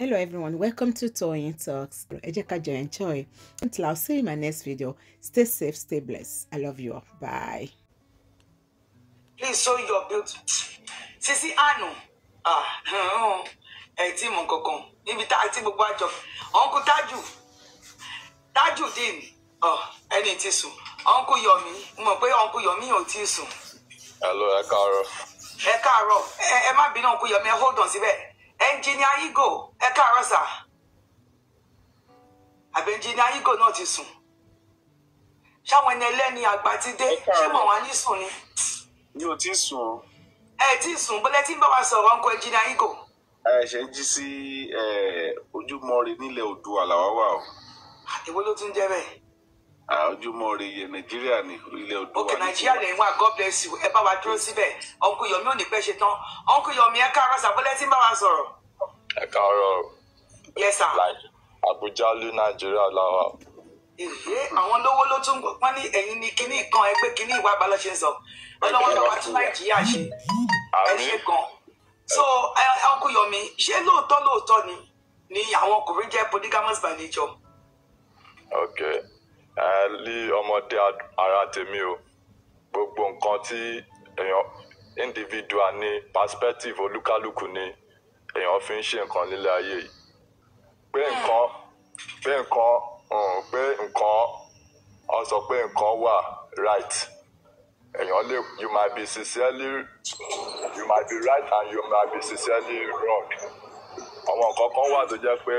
hello everyone welcome to Toyeen Talks ẹ jẹ́ ká enjoy until i'll see you in my next video stay safe stay blessed i love you all bye. please show your beauty sisi anu ah. Oh. tí mo kankan níbi tá a ti gbogbo àjọ uncle taju Taju din. Oh, ẹni tí sùn uncle yomi mo mọ̀ pé uncle yomi ò tí sùn. hello ẹ káàárọ̀. ẹ káàárọ̀ ẹ má bínú uncle yomi hold on síbẹ̀ ẹnjìnìá igo ẹ káàárọ̀ sà àbẹ ẹnjìnìá igo náà ti sùn ṣáwọn ẹni ẹlẹ́ni àgbà ti dé ṣé mọ̀ wá ní sùn ni. mi ò tí ì sùn o. ẹ tí ì sùn bọ́lẹ́ tí ń bá wa sọ̀rọ̀ ńkọ ẹnjìnìá igo. ẹ ṣe ń jí sí ojúmọ́ rẹ nílẹ̀ Oòduà làwa wà o. ìwọ ló tún jẹ́ bẹ́ẹ̀. ojúmọ́ yẹ Nàìjíríà ní ilẹ̀ Oòduà. òkè Nàìjíríà lè wá God bless you ẹ bá wa dúró síbẹ̀ ọkùnrin yọmi ò ní pẹ́ ṣe tán ọkùnrin yọmi ẹ káàárọ̀ sàbọ́lẹ́ tí bá wa sọ̀rọ̀ ẹ káàárọ̀ o. yes sir. like Abuja lu Nàìjíríà láwa. àwọn lówó ló tún pọ́n ní ẹ̀yìn ní kinní kan ẹgbẹ́ kinní ìwà àbálọ́ ṣe ń sọ ọlọ́wọ́n náà wá tún Nàìjíríà ṣe ẹ ṣe gan. so uncle Yomi ṣé lóòótọ́ lóòótọ́ ni ni àwọn ọkùnrin jẹ́ polygamous by nature. ok ẹ lé ọmọdé ara tèmi o gbogbo nǹkan tí èèyàn individual ni perspective olúkálùkù ni èèyàn fi ń ṣe nǹkan nílé ayé yìí pé nǹkan pé nǹkan pé nǹkan ọ sọ pé nǹkan wà right èèyàn lè you might be sincerely you might be right and you might be sincerely wrong àwọn nǹkan kan wà tó jẹ́ pé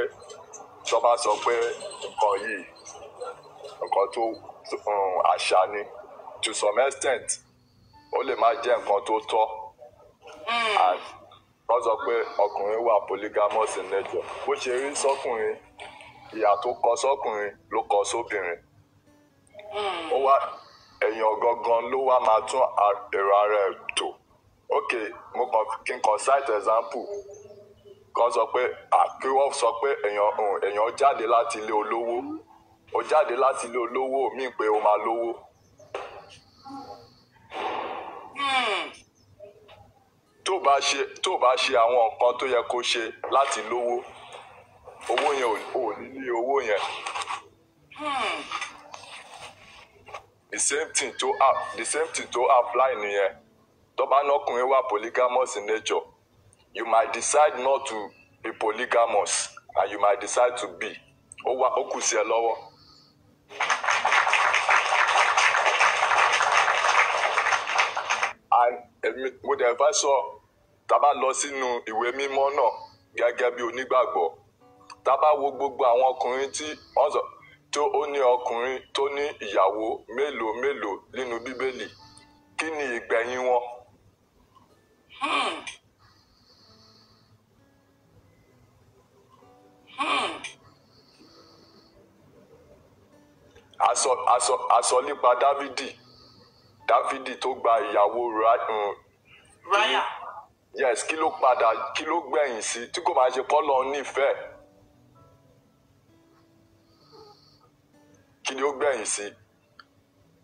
tó bá sọ pé nǹkan yìí nǹkan tó àṣà ni to some extent ó lè má jẹ́ nǹkan tó tọ́ hmm. and wọ́n sọ pé ọkùnrin wà polygamous in nature bó ṣe rí sọ́kùnrin ìyà tó kọ sọ́kùnrin ló kọ sóbìnrin ó wá èèyàn gangan ló wá máa tún èrò ara ẹ̀ tò ok mo kàn kí n kàn cite example kan sọ pé kí wọ́n sọ pé èèyàn jáde láti ilé olówó ó jáde láti ilé olówó míì pé ó máa lówó. Hmm tó bá ṣe àwọn nǹkan tó yẹ kó ṣe láti lówó owó yẹn ò ní ní owó yẹn. Hmm. the same thing to the same thing to apply nìyẹn tó bá nọkùnrin wà polygamous in nature you might decide not to be polygamous and you might decide to be ó kù sí ẹ lọ́wọ́. èmi mo dẹ̀ fẹ́ sọ tá lọ sínú ìwé mímọ́ náà gẹ́gẹ́ bí onígbàgbọ́ tá wo gbogbo àwọn ọkùnrin tí ọ̀sán tó ó ní ọkùnrin tó ní ìyàwó mélòó mélòó nínú bíbélì kí ni ìgbẹ̀yìn wọn. Hmm. hmm. a sọ nípa dávidi dáfídì tó gba ìyàwó ráyà um, yes kí ló padà kí ló gbẹ̀yìn sí tí kò máa ṣe pọ́lọ́ nífẹ̀ẹ́ kí ni ó gbẹ̀yìn sí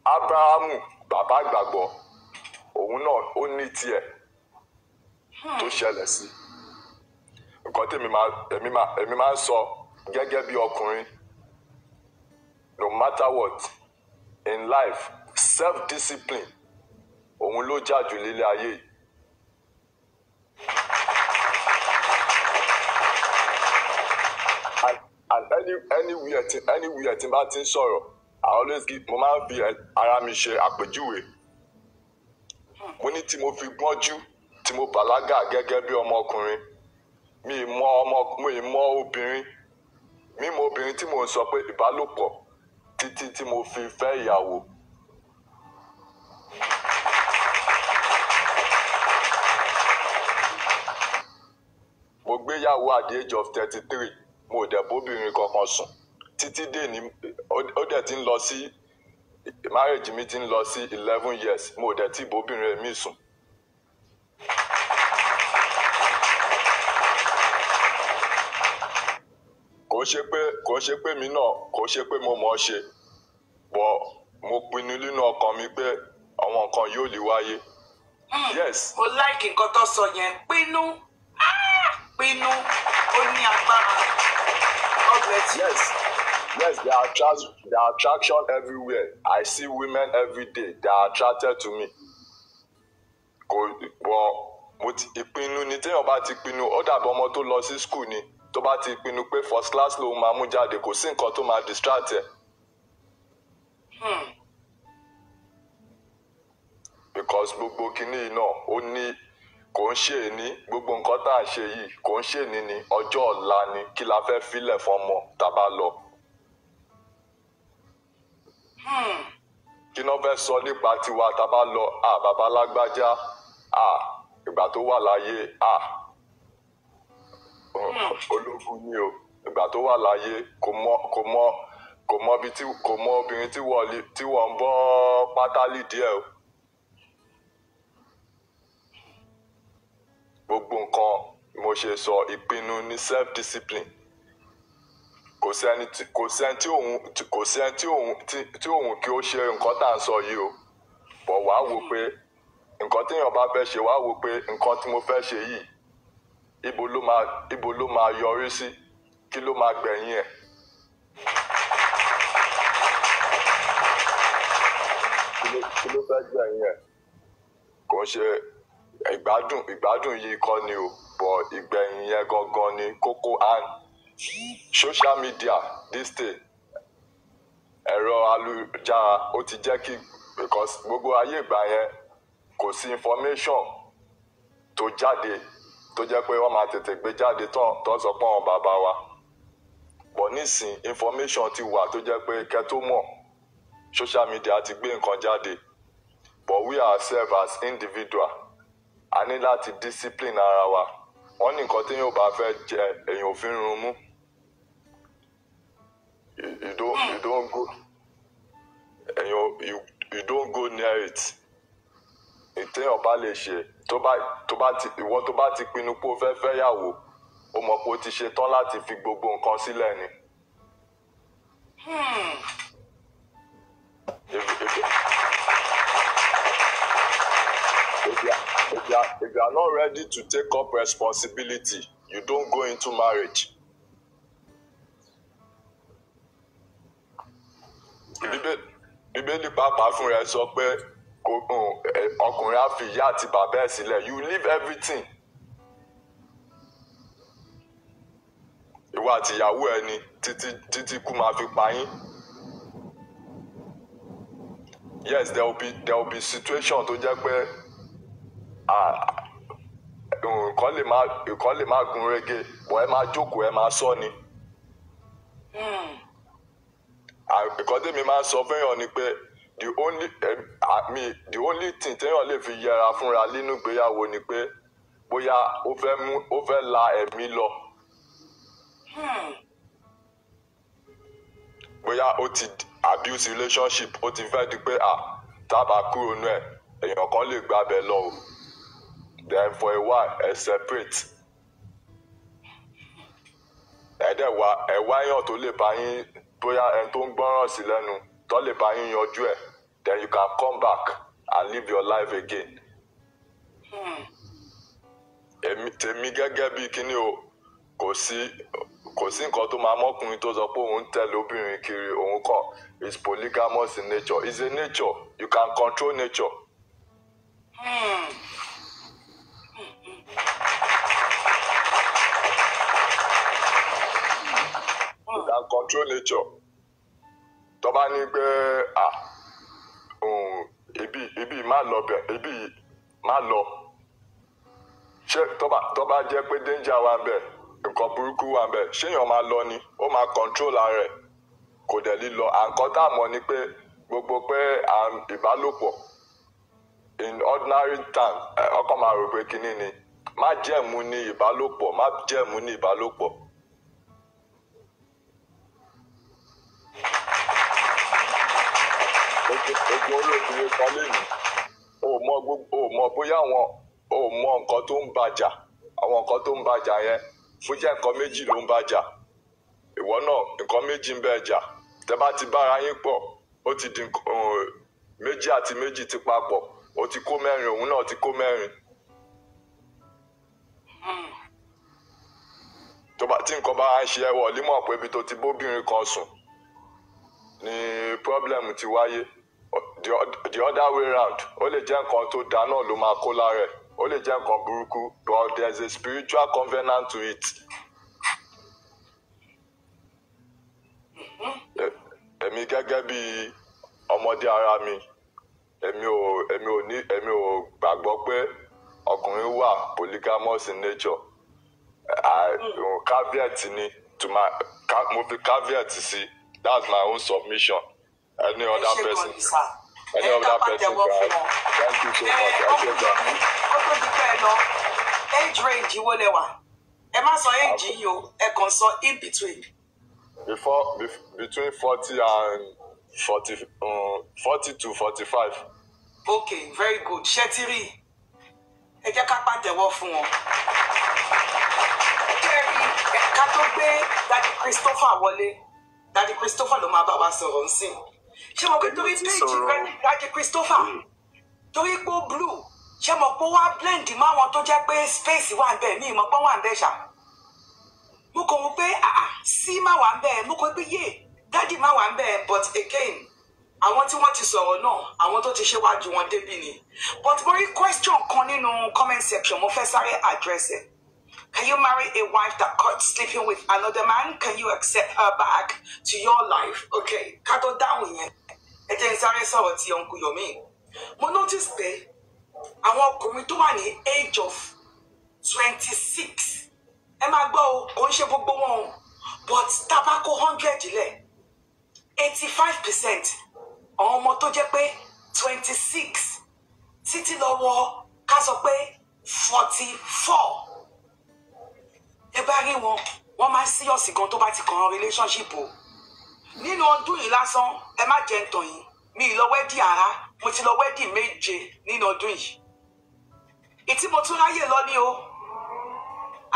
abrahamu bàbá àgbàgbọ́ òun náà ó ní tiẹ̀ tó hmm. ṣẹlẹ̀ sí nǹkan tèmi èmi máa ń sọ gẹ́gẹ́ bí ọkùnrin no matter what in life self discipline òun ló jà jù lílé ayé yìí. and any anywhere tí anywhere tí bá ti ń sọ̀rọ̀ i always give mo máa ń fi ara mi ṣe àpèjúwe mo ní tí mo fi gbọ́njú tí mo bàlágà gẹ́gẹ́ bí ọmọkùnrin mi ì mọ ọmọ mi ì mọ obìnrin mímọ obìnrin tí mo ń sọ pé ìbálòpọ̀ títí tí mo fi fẹ́ ìyàwó. gbéyàwó at the age of thirty three mo dẹ̀ bóbìnrin kankan sùn títí dé ní ó dẹ̀ ti ń lọ sí marriage mi ti ń lọ sí eleven years mo dẹ̀ ti bóbìnrin mi sùn. kò ṣe pé kò ṣe pé mi náà kò ṣe pé mo mọ̀ ọ́ ṣe bọ̀ mo pinnu nínú ọkàn mi pé àwọn nǹkan yóò lè wáyé. Hmm, yes. mo láìkì nǹkan tó sọ yẹn pinnu pinnu ó ní agbára. Yes. Yes, they are, attract, they are attraction everywhere. I see women every day. They are attracted to me. Kò wọ mo ti ìpinnu ni téèyàn bá ti pinnu ó dàbí ọmọ tó lọ sí school ni tó bá ti pinnu pé first class lòun máa mú jáde kò sí nǹkan tó máa distract ẹ. Hmm. Because gbogbo kinní náà ó ní kò ń ṣe ní gbogbo nǹkan tá a ṣe yìí kò ń ṣe ní ní ọjọ́ ọ̀la ni kí la fẹ́ filẹ̀ fọmọ tàbá lọ. Hmm. kí náà fẹ́ sọ nípa tiwa tàbá lọ à bàbá lágbájá à ìgbà tó wà láyé à hmm. ológun ni o ìgbà tó wà láyé kò mọ kò mọ kò mọ obìnrin tí wọ́n ń bọ́ pátálì díẹ̀ o. gbogbo nǹkan mo ṣe sọ ìpinnu ní self discipline kò sẹ́ni kò sẹ́ni tí òun kò sẹ́ni tí òun tí òun kí ó ṣe nǹkan tá à ń sọ yìí o bọ̀ wá wò pé nǹkan téèyàn bá fẹ́ ṣe wá wò pé nǹkan tí mo fẹ́ ṣe yìí ibo ló máa ibo ló máa yọrí sí kí ló máa gbẹ̀yìn ẹ̀. kí ló fẹ́ gbẹ̀yìn ẹ̀ kò ń ṣe ìgbádùn ìgbádùn yìí kọ́ ni o bọ̀ ìgbẹ̀yìn yẹn gangan ni kókó an social media this day ẹ̀rọ alùjára ó ti jẹ́ kí because gbogbo ayé ìgbà yẹn kò sí information tó jáde tó jẹ́ pé wọ́n máa tètè gbé jáde tó sọ pé àwọn bàbá wa bọ̀ nísìn information ti wà tó jẹ́ pé kẹ́ mọ̀ social media ti gbé nǹkan jáde but we ourselves as individual a ní láti discipline ara wa wọ́n ní nǹkan téèyàn ò bá fẹ́ jẹ èèyàn ò run mú you don't you don't go èèyàn you you don't go near it ìtẹ́yàn bá lè ṣe tó bá tó bá ti ìwọ tó bá ti pinnu pé o fẹ́ fẹ́ yàwó o mọ̀ pé o ti ṣe tán láti fi gbogbo nǹkan sílẹ̀ ni. Hmm. you are not ready to take up responsibility, you don't go into marriage. bíbélì pàápàá fún rẹ sọ pé ọkùnrin á fi ìyá àti bàbá ẹ̀ sílẹ̀ you leave everything. ìwọ àti ìyàwó ẹ ni títí títí kú máa fi pa yín. yes there will be there will be situation tó jẹ́ pé nǹkan lè má nǹkan lè má gun rege bọ̀ ẹ máa jókòó ẹ máa sọ ni. nǹkan hmm. tèmi máa ń sọ fẹ́yàn ni pé the only mi the only thing téèyàn lè fi yẹra fúnra nínú ìgbéyàwó ni pé bóyá ó fẹ́ mú ó fẹ́ la ẹ̀mí lọ. Hmm. bóyá ó ti abuse relationship ó ti fẹ́ di pé ah tábà kúrò nú ẹ̀ èèyàn kan lè gbàbẹ̀ lọ o then for a while ẹ separate ẹ dẹ̀ wá ẹ wá èèyàn tó lè bá yín bóyá ẹni tó ń gbọ́ràn sí lẹ́nu tó lè bá yín yanjú ẹ̀ then you can come back and live your life again. èmi tèmi gẹ́gẹ́ bí kíní o kò sí kò sí nǹkan tó máa mọ́kùnrin tó sọ pé òun tẹ̀lé obìnrin kiri òun kọ́ is polygamous in nature is a nature you can control nature. Hmm. control nature tó bá ní lọ ibi má lọ ṣé jẹ́ pé danger wà bẹ̀ nǹkan burúkú wà máa lọ ni ó máa control ara kò dẹ̀ lílọ àǹkan tá mọ̀ ni pé gbogbo pé ìbálòpọ̀ in ordinary time ọkàn máa rò pé kínní ni má jẹ̀mú ní ìbálòpọ̀ má nǹkan tó ń bàjà àwọn nǹkan tó ń bàjà yẹn fújẹ́ nǹkan méjì ló ń bàjà ìwọ náà nǹkan méjì ń bẹ́ẹ̀ jà tẹ́ bá ti bára yín pọ̀ ó ti di méjì àti méjì ti papọ̀ ó ti kó mẹ́rin òun náà ti kó mẹ́rin. tó bá tí nǹkan bá ń ṣe ẹwọ límọ̀ pé ibi tó ti bóbìnrin kan sùn ni problem ti wáyé the other way round ó lè jẹ́ nǹkan tó dáa náà ló máa kó lára ẹ̀. o lè jẹ́ nǹkan buruku but there is a spiritual covenant to it. Emi gẹ́gẹ́ bi ọmọdé ara mi emi o èmi ò ní èmi ọkùnrin polygamous in nature i caveat ni to my mo fi caveat sí that's my own submission any other person any other person thank you so much i get that. age range wo lẹ wà ẹ má sọ age yìí o ẹ kàn sọ in between. before between forty and forty um, forty to forty-five. Okay, very good ṣé tí rí ẹ jẹ́ ká pàtẹ́wọ́ fún wọn. kẹ́rin ẹ̀ka tó gbé dadi Christopher wọlé dadi Christopher ló máa bá wa sọ̀rọ̀ nsìn ṣé mo kí torí péjì dadi Christopher hmm. torí pé blue ṣé mo pé wá blend mọ́ àwọn tó jẹ́ pé space wà ń bẹ̀ mí mo pọ́n wà ń bẹ̀ ṣá mo kàn wọ́n pé àà ah, sí ah, má wà ń bẹ̀ mo kàn pé yé dádì má wà ń but again àwọn tí wọ́n ti sọ̀rọ̀ náà àwọn tó ti ṣéwájú wọn débi ni but mo rí question kan nínú comment section mo fẹ́ sáré address ẹ̀. Can you marry a wife that caught sleeping with another man? Can you accept her back to your life? Okay, ká tó dáhùn yẹn. Ẹ jẹ́ n sáré sọ̀rọ̀ ti Uncle Yomi. Mo notice pé àwọn ọkùnrin tó wà ní age of twenty six ẹ máa gbọ́ o kò ń ṣe gbogbo wọn o but tabako hundred lẹ̀ eighty five percent àwọn ọmọ tó jẹ́ pé twenty six títí lọ́wọ́ ká sọ pé forty four ẹ bá rí wọn wọ́n máa ń síyọ̀sì gan tó bá ti kàn án relationship o nínú ọdún yìí lásán ẹ má jẹ́ tàn yín mi ì lọ wẹ́dí ara mo ti lọ wedding méje nínú ọdún yìí ìtí mo tún ráyè lọ ní o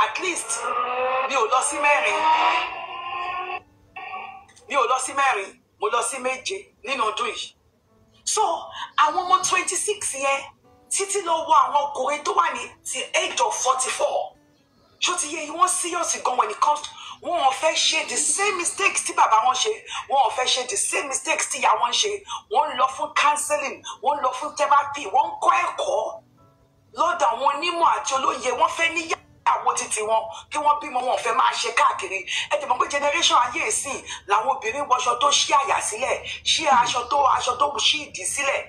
at least mi ò lọ sí mẹ́rin mi ò lọ sí mẹ́rin mo lọ sí méje nínú ọdún yìí so àwọn ọmọ twenty six yẹn títí lọ wọ àwọn ọkùnrin tó wà ní ti age of forty four ṣó ti yẹ wọ́n serious gan when it comes to wọn ò fẹ́ ṣe the same mistakes tí bàbá wọn ṣe wọn ò fẹ́ ṣe the same mistakes tí ìyá wọn ṣe wọ́n ń lọ fún counseling wọ́n ń lọ fún therapy wọ́n ń kọ́ ẹ̀kọ́ lọ́dọ̀ àwọn onímọ̀ àti olóye wọ́n fẹ́ níyà àwọn títí wọn kí wọ́n bímọ wọn fẹ́ máa ṣe káàkiri ẹ tẹ̀mọ́ pé generation ayé ìsìn làwọn obìnrin wọṣọ tó ṣí àyà sílẹ̀ ṣí aṣọ tó aṣọ tó ṣí ìdí sílẹ̀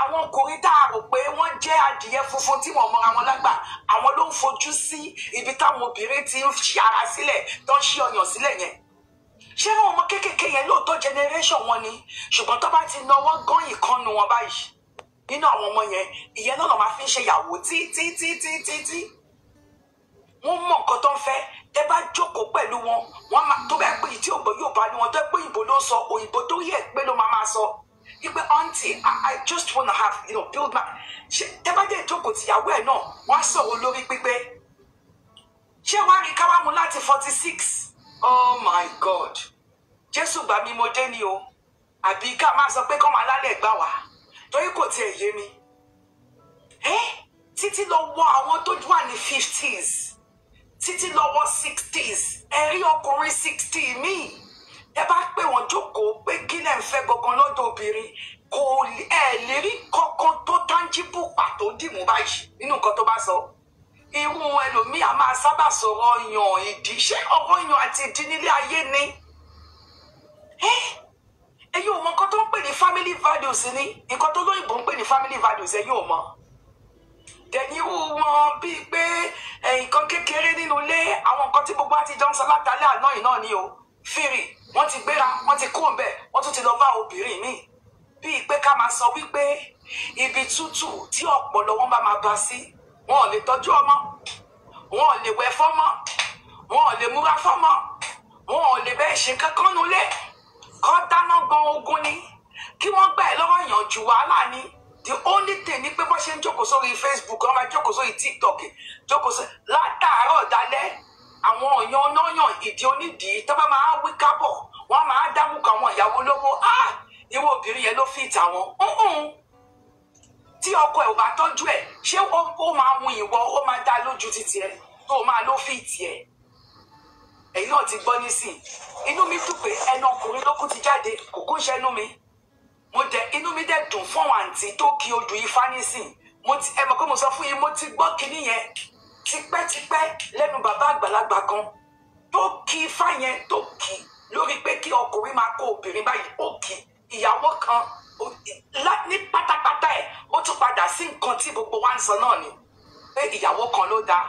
àwọn ọkùnrin tá a rò pé wọ́n jẹ́ adìyẹ funfun tí wọ́n mọra wọn lágbà àwọn ló ń fojú sí ibi táwọn obìnrin ti ń ṣe ara sílẹ̀ tó ń ṣe ọyàn sílẹ̀ yẹn ṣé àwọn ọmọ kéékèèké yẹn lóòótọ́ generation wọn ni ṣùgbọ́n tó bá ti náwó gan ìkànnù wọn báyìí nínú àwọn ọmọ yẹn ìyẹn náà máa fi ń ṣe ìyàwó tí tí tí tí tí tí wọ́n mọ̀ nǹkan tó ń fẹ́ tẹ bá jókòó pẹ̀lú wọn wọ́n máa tó bẹ́ẹ̀ pé ìdí ògbó yóò bá ní wọn tó pé ìbò ló sọ òyìnbó tó yẹ pé ló máa máa sọ. So ipe aunty I, I just wanna have you know build my ṣe tẹ́ bá dé ìjókòó tìyàwó ẹ̀ náà wọ́n á sọ̀rọ̀ lórí pípé ṣé wàá rí káwá láti forty six oh my god jésù gbà mí mo dé ni o àbí ká máa sọ pé kọ́ máa lálẹ́ gbà wá torí kò tiẹ̀ yé mi títí lọ wọ àwọn tó wà ní fifties títí lọ wọ sixties ẹ̀rí ọkùnrin sixty míì ẹ bá pè wọ́n jókòó pé kí lẹ́ ń fẹ́ gangan lọ́dọ̀ obìnrin kò ẹ lè rí kankan tó tangible pàtó dìmú báyìí nínú nǹkan tó bá sọ irú ẹlòmíì a máa sábà sọ̀rọ̀ ọyàn ìdí ṣé ọ̀rọ̀ ọyàn àti ìdí nílé ayé ni ẹ̀yin ò mọ nǹkan tó ń pè ní family values ni nǹkan tó lóyìnbó ń pè ní family values ẹ̀yin ò mọ tẹ̀yìn wù wọn bíi pé nǹkan kékeré nínú ilé àwọn nǹkan tí gbogbo àtijọ́ ń sọ látàlẹ́ àná yìí náà ni o fìrì wọ́n ti gbéra wọ́n ti kó ńbẹ̀ wọ́n tún ti lọ bá obìnrin míì bíi pé ká máa sọ wípé ibi tútù tí ọpọlọ wọn bá máa bá sí wọn ò lè tọ́jú ọmọ wọn ò lè wẹ̀ fọ́mọ wọn ò lè múra fọ́mọ wọn ò lè bẹ́ẹ̀ ṣe kankan nulẹ̀ kọ́ dáná gan ogun ni kí wọ́n gbà ẹ́ lọ́wọ́ ìyànjú wàhálà ni the only thing ni pé bó ṣe ń jókòó sórí Facebook ọmọ ẹ jókòó sórí TikTok jókòó sórí látàárọ̀ dalẹ́ àwọn ọ̀yàn ọlọ́yàn ìdí onídìí tó bá máa wí kábọ̀ wọ́n máa dámúkọ àwọn ìyàwó lówó ah ìwọ obìnrin yẹn ló fi ìta wọn tí ọkọ ẹ̀ ò bá tọ́jú ẹ̀ ṣé ó máa hun ìwọ ó máa dá lójú títì ẹ̀ tó máa ló fi ìtì ẹ̀ ẹ̀yin náà ti gbọ́ nísìn inú mi dùn pé ẹnu ọkùnrin ló kù ti jáde kò kún iṣẹ́ inú mi mo dẹ inú mi dẹ̀ dùn fún àwọn àǹtí tó kí odù ifá nísìn ẹ mọ̀ pé mo sọ fún yín mo ti gbọ́ kinní yẹn tipẹ́tipẹ́ lẹ́nu bàbá àgbàlagbà kan tó kí ifá yẹn tó kí lórí pé kí ọkùnrin máa kó obìnrin báyìí ó kí ìyàwó kan ní pátápátá ẹ̀ ó tún padà sí nǹkan tí gbogbo wa ń sọ náà ni pé ìyàwó kan ló dáa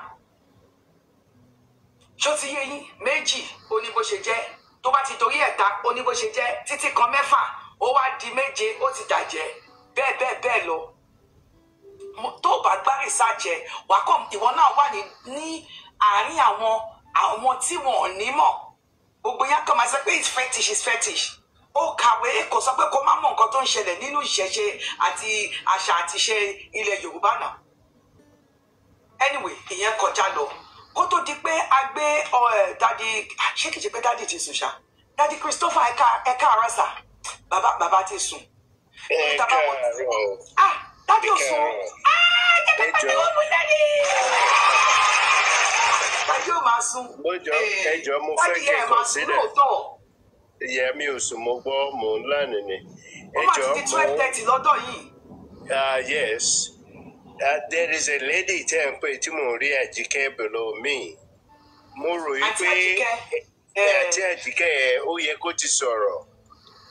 ṣó ti yé yín méjì ó ní bó ṣe jẹ́ tó bá ti torí ẹ̀ta ó ní bó ṣe jẹ́ títí kan mẹ́fà ó wá di méje ó ti dàjẹ́ bẹ́ẹ̀ bẹ́ẹ̀ bẹ́ẹ̀ lọ tó bá gbá rìsáàjẹ wàá kọ ìwọ náà wà ní àárín àwọn àwọn tí wọn ò ní mọ̀ gbogbo yẹn kàn máa sọ pé it's fetish it's fetish ó kàwé kò sọ pé kó má mọ̀ nǹkan tó ń ṣẹlẹ̀ nínú ìṣẹ̀ṣe àti àṣà àti ìṣe ilẹ̀ Yorùbá náà anyway ìyẹn kọjá lọ kó tó di pé a gbé dadi ṣé kìí ṣe pé dadi ti sùn ṣá dadi Christopher ẹka ẹka arasa bàbá bàbá ti sùn. ẹ káàárọ̀ ah tàbí òṣù jẹ́pẹ̀tẹ̀ wọ́n mú jáde. Tájú ò máa sun. Mọ́jọ ẹjọ́ mo fẹ́ kí n kàn sílẹ̀. Ìyá mi ò sùn mo gbọ́ mò ń lánàá ni. Ó máa ti di twelve thirty lọ́dọ̀ yìí. Ah yes, uh, there is a lady tẹ́ ń pè tí mò ń rí àjíkẹ́ below me. Mo rò yí pé eh, eh. àti àjíkẹ́ ó yẹ kó ti sọ̀rọ̀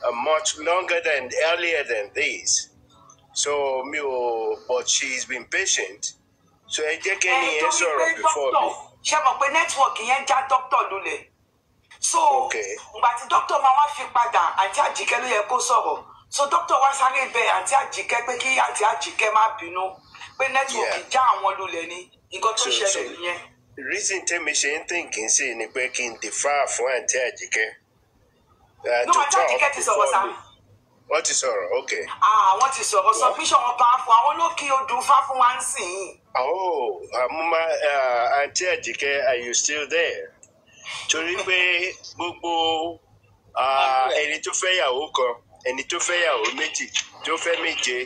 uh, much longer than earlier than this so mi ò but she is been patient so ẹ jẹ́ kẹ́ni yẹn sọ̀rọ̀ before me. ṣé mo pe nẹ́tíwọ̀kì yẹn já dókítà lulẹ̀ so ìgbà tí dókítà máa wá fi padà àti àjìkẹ́ ló yẹ kó sọ̀rọ̀ so dókítà wá sáré bẹ àti àjìkẹ́ pé kí àti àjìkẹ́ má bínú pé nẹ́tíwọ̀kì já àwọn lulẹ̀ ni nǹkan tó ṣẹlẹ̀ nìyẹn. reason tẹ́mi ṣe ń tẹ̀ kí n sì ni pé kí n dìfà fún àti àjìkẹ́. Uh, no àti àjìkẹ́ ti sọ̀rọ̀ sáà wọ́n ti sọ̀rọ̀ ok. àwọn ti sọ̀rọ̀ sọ pé sọ̀rọ̀ bá fún àwọn olókè odò fá fún wa ń sìn yìí. oh àmúmá àǹtí Ajike, are you still there? torí pé gbogbo ẹni tó fẹ́ yàwó kan ẹni tó fẹ́ yàwó méjì tó fẹ́ méje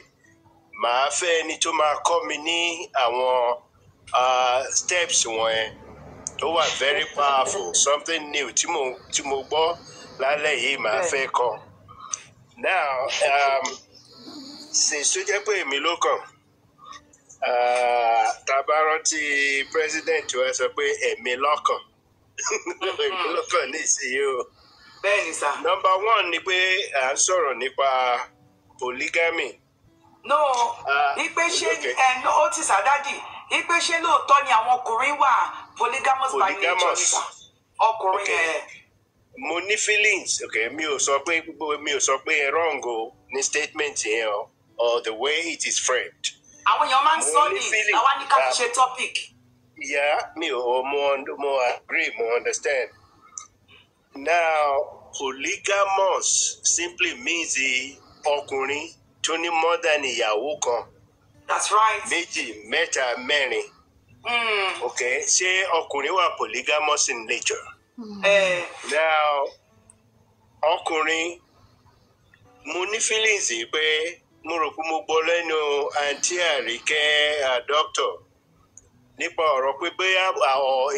màá fẹ́ ẹni tó máa kọ́ mi ní àwọn steps wọ̀nyẹn tó wà very powerful something new tí mo gbọ́ lálẹ́ yìí màá fẹ́ kọ́. Okay now um, since tó jẹ́ pé èmi ló kàn uh, tàbá president to us pé èmi lọ́kàn èmi lọ́kàn nísìnyí o. number one ni pé sorry, ń sọ̀rọ̀ polygamy. no ipe and ẹnu ó ti sàdádì ipe ṣe lóòótọ́ ni àwọn ọkùnrin wà polygamous by nature ọkùnrin Okay. Eh, mo ní feelings okay mi ò sọ pé mi ò sọ pé wrong o ní statement yẹn o or the way it is framed. àwọn èèyàn máa ń sọ ní àwa ní ká fi ṣe topic. ìyá mi ò mo mo agree mo understand. now polygamous simply means ọkùnrin tó ní more than ìyàwó kan. that's right. méjì mẹ́ta mẹ́rin. Mm. okay ṣé ọkùnrin wà polygamous in nature. Hmm. now ọkùnrin mo ní feelings pé mo rò pé mo gbọ́ lẹ́nu àǹtí àríkẹ́ nípa ọ̀rọ̀ pé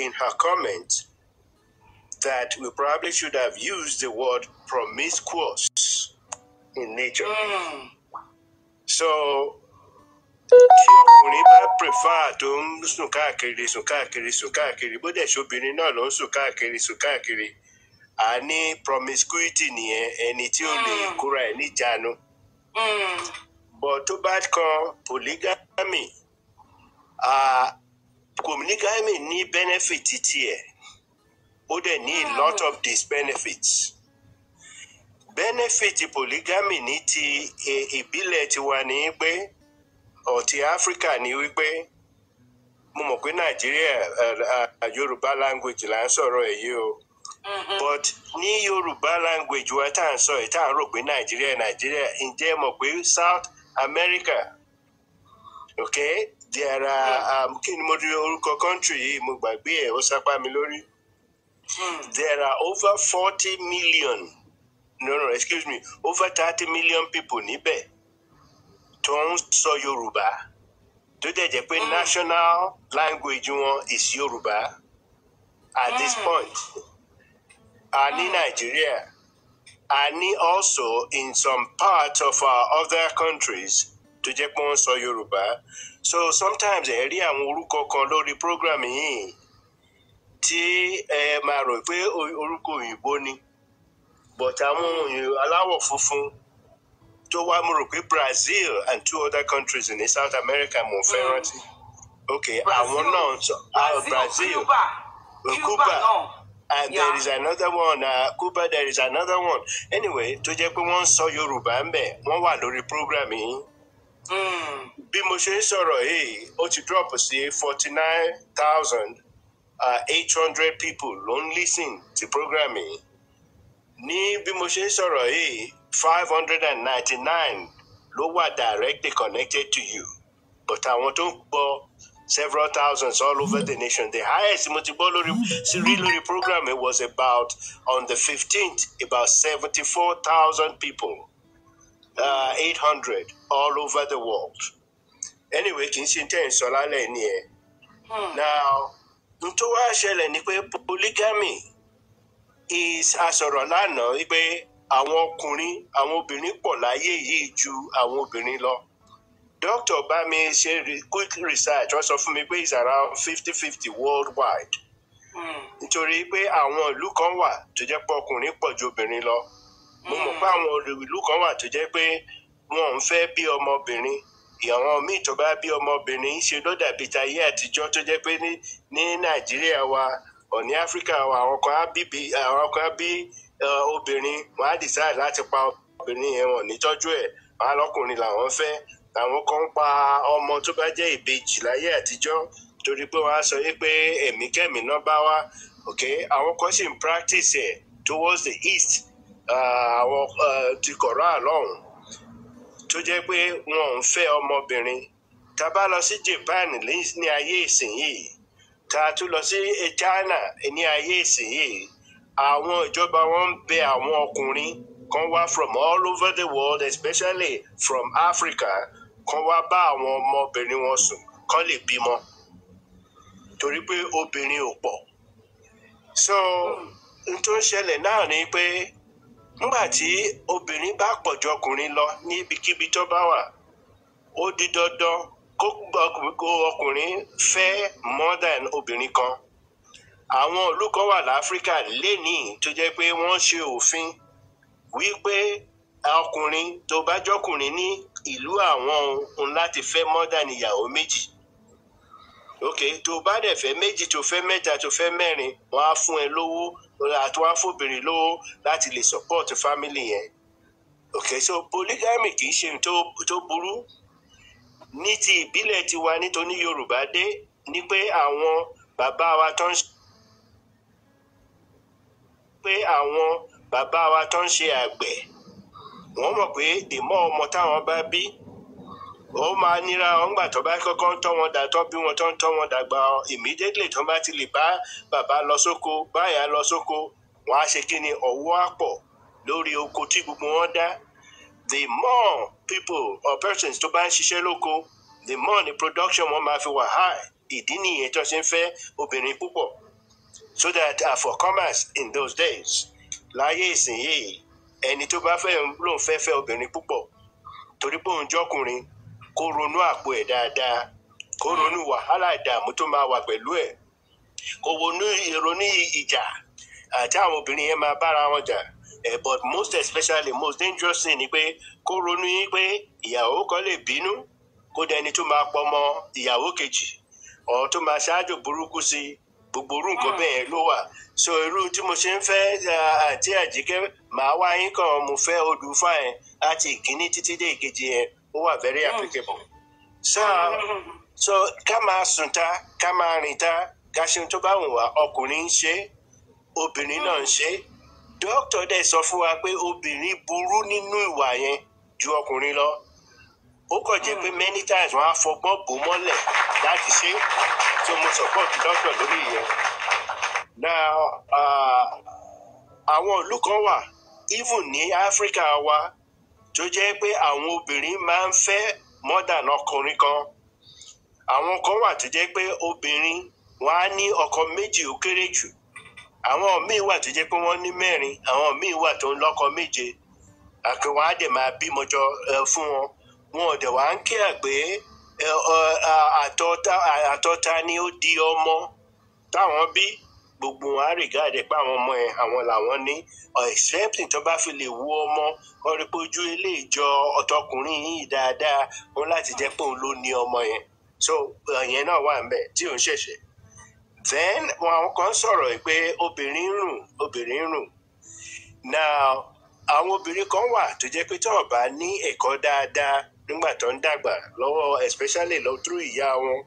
in her comment that we probably should have used the word promiscuous in nature. Mm. so tí ọkùnrin bá prefa tó ń sùn káàkiri sùn káàkiri sùn káàkiri bó dẹ̀ ṣobìnrin náà ló ń sùn káàkiri sùn káàkiri a ní promiscuity nìyẹn ẹni tí ó lè hmm. kóra ẹ̀ níjàánu. Hmm. bọ̀ tó bá kan polygamy polygamy ní benefit tiẹ̀ ó dẹ̀ ní a hmm. lot of these benefits. benefit polygamy ní ti e, ìbílẹ̀ tiwa ní pé ọ̀tí áfíríkà ni wípé mo mọ̀ pé nàìjíríà yorùbá language là ń sọ̀rọ̀ èyí o mm-hmm. but ní yorùbá language wa tá à ń sọ yìí tá à ń rò pé nàìjíríà nàìjíríà ǹjẹ́ mọ̀ pé south america okay there are mm-hmm. um, kí ni mo di orúkọ country yìí mo gbàgbé ẹ̀ ó sápá mi lórí mm-hmm. there are over forty million no no excuse me over thirty million people níbẹ̀ tó ń sọ Yorùbá tó dẹ̀ jẹ́ pé mm. national language wọn is Yorùbá at this mm. point a ní mm. Nàìjíríà a ní also in some parts of our other countries tó jẹ́ pé wọ́n sọ Yorùbá so sometimes ẹ̀ rí àwọn orúkọ kan lórí program yìí tí ẹ máa rò pé orúkọ òyìnbó ni but àwọn aláwọ̀ funfun tó wá mo rò pé Brazil and two other countries in South America mo fẹ́ hmm. rántí ok àwọn náà sọ ah, Brazil Cuba, oh, and ah, yeah. there is another one uh, Cuba there is another one anyway tó jẹ́ pé wọ́n ń sọ Yorùbá ń bẹ̀ wọ́n wà lórí program yìí hmm. bí mo ṣe ń sọ̀rọ̀ yìí ó ti drop sí forty nine thousand eight hundred people ló ń listen ti program yìí ní bí mo ṣe ń sọ̀rọ̀ yìí 599 ló wà directly connected to you but àwọn tó ń gbọ́ several thousands all over the nation the highest mo ti gbọ́ lórí lórí program it was about on the fifteenth about seventy-four thousand people 800 uh, all over the world anyway kì í ṣe tẹ́ ẹ̀ sọ lálẹ́ ni ẹ̀ now n ṣẹlẹ̀ ni pé polygamy is a lánàá wípé. àwọn ọkùnrin àwọn obìnrin pọ̀ láyé yìí ju àwọn obìnrin lọ dr bami ṣe quick research wọ́n sọ fún mi pé it's around fifty fifty worldwide hmm. nítorí pé àwọn ìlú kan wà tó jẹ́ pé ọkùnrin pọ̀ ju obìnrin lọ mo mọ̀ hmm. pé àwọn ìlú kan wà tó jẹ́ pé wọn ò fẹ́ bí ọmọbìnrin ìyàwó míì tó bá bí ọmọbìnrin ṣe ló dàbí tayé àtijọ́ tó jẹ́ pé ní Nàìjíríà wa ọ̀ní áfíríkà àwọn kan á bí àwọn kan á bí obìnrin wọn á decide láti pa obìnrin yẹn wọn nítọ́jú ẹ̀ wọn á lọ́kùnrin làwọn fẹ́ àwọn kan ń pa ọmọ tó bá jẹ́ ìbejì láyé àtijọ́ torí pé wọ́n á sọ pé ẹ̀mí kẹ́mí náà bá wá okay àwọn kan sì ń practice ẹ̀ towards the east àwọn ti Koran lọ́hùn tó jẹ́ pé wọn ò ń fẹ́ ọmọbìnrin tá a bá lọ sí Japan ní ayé ìsinyìí tá a tún lọ sí China ní ayé ìsinyìí àwọn ìjọba wọn ń bẹ àwọn ọkùnrin kan wá from all over the world especially from Africa kan wá bá àwọn ọmọbìnrin wọn sùn kan lè bímọ torí pé obìnrin ò pọ̀ so n tó ń ṣẹlẹ̀ náà ni pé nígbà tí obìnrin bá pọ̀ ọkùnrin lọ ní ibikíbi tó bá wà ó di dandan kó ọkùnrin fẹ́ more than obìnrin kan àwọn ìlú kan wà láfíríkà lénìí tó jẹ́ pé wọ́n ṣe òfin wípé ọkùnrin tó bá jọkùnrin ní ìlú àwọn òun láti fẹ́ more than ìyàwó méjì ok tó bá dẹ̀ fẹ́ méjì tó fẹ́ mẹ́ta tó fẹ́ mẹ́rin wọ́n á fún ẹ lówó àti wọ́n á fòbìnrin lówó láti lè support family yẹn ok so polygamy kì í ṣe tó burú ní ti ìbílẹ̀ tiwa nítorí Yorùbá dé ni pé àwọn bàbá wa tó ń ṣe pé àwọn bàbá wa tó ń ṣe àgbẹ̀ wọ́n mọ̀ pé dèmọ́ ọmọ táwọn bá bí ó máa nira wọn gbà tó bá kọ́kọ́ ń tọ́ wọn dà bí wọn tó ń tọ́ wọn dàgbà immediately tó bá ti lè bá bàbá lọ sóko báyà lọ sóko wọn á ṣe kí ni ọwọ́ àpọ̀ lórí oko tí gbogbo wọn dá the more people or persons tó bá ń ṣiṣẹ́ lóko the more the production wọn máa fi wà high ìdí nìyẹn tó ṣe ń fẹ́ obìnrin púpọ̀ so that uh, for commerce in those days láyé ìsinyìí ẹni tó bá fẹ́ lóun fẹ́ fẹ́ obìnrin púpọ̀ torí pé òun jọkùnrin kó ronú àpò ẹ̀ dáadáa kó ronú wàhálà ìdààmú tó máa wà pẹ̀lú ẹ̀ kó ronú ìjà àti àwọn obìnrin yẹn máa bára wọn jà. Eh, but most especially most dangerous thing ni pé kó ronú yín pé ìyàwó kan lè bínú kó dẹni tó máa pọmọ ìyàwó kejì ọ̀ tó máa ṣáájú burúkú sí i gbogbo orú nǹkan hmm. bẹ́ẹ̀ ló wà so irú tí mo ṣe ń fẹ́ eh, àti àjíkẹ́ màá wá yín kan mo fẹ́ odù fáìn láti ìkíní títí dé ìkejì yẹn ó wà very hmm. applicable so so ká máa sùn ta ká máa rìn ta ká ṣe tó bá wù wá ọkùnrin ń ṣe obìnrin náà ń hmm. ṣe dókítà dẹ̀ sọ fún wa pé obìnrin burú nínú ìwà yẹn ju ọkùnrin lọ ó kàn jẹ́ pé hmm. many times wọ́n á fọgbọ́n bò mọ́lẹ̀ láti ṣe tí mo support dókítà lórí yẹn now uh, àwọn ìlú kan wà even ní Áfíríkà wa tó jẹ́ pé àwọn obìnrin máa ń fẹ́ mọ́dàn ọkùnrin kan àwọn kan wà tó jẹ́ pé obìnrin wọn á ní ọkọ méjì ó kéré jù àwọn míì wà tó jẹ́ pé wọ́n ní mẹ́rin àwọn míì wà tó ń lọ́kọ méje àpè wọn á dẹ̀ máa bímọ jọ fún wọn wọn ò dẹ̀ wá ń kíyà pé àtọ́ta ni ó di ọmọ táwọn bí gbogbo wọn á rìgáàdì pé àwọn ọmọ ẹ àwọn làwọn ní except tó bá fi lè wú ọmọ wọn rí pé ojú ilé ìjọ ọtọkùnrin yìí dáadáa wọn láti jẹ́ pé òun ló ní ọmọ yẹn so ìyẹn náà wà ń bẹ tí òun ṣẹ̀ṣẹ̀. then àwọn kan sọrọ pé obìnrin rùn obìnrin rùn now àwọn obìnrin kan wà tó jẹ́ pé tó o bá ní ẹ̀kọ́ dáadáa nígbà tó ń dàgbà lọ́wọ́ especially lọ through ìyá wọn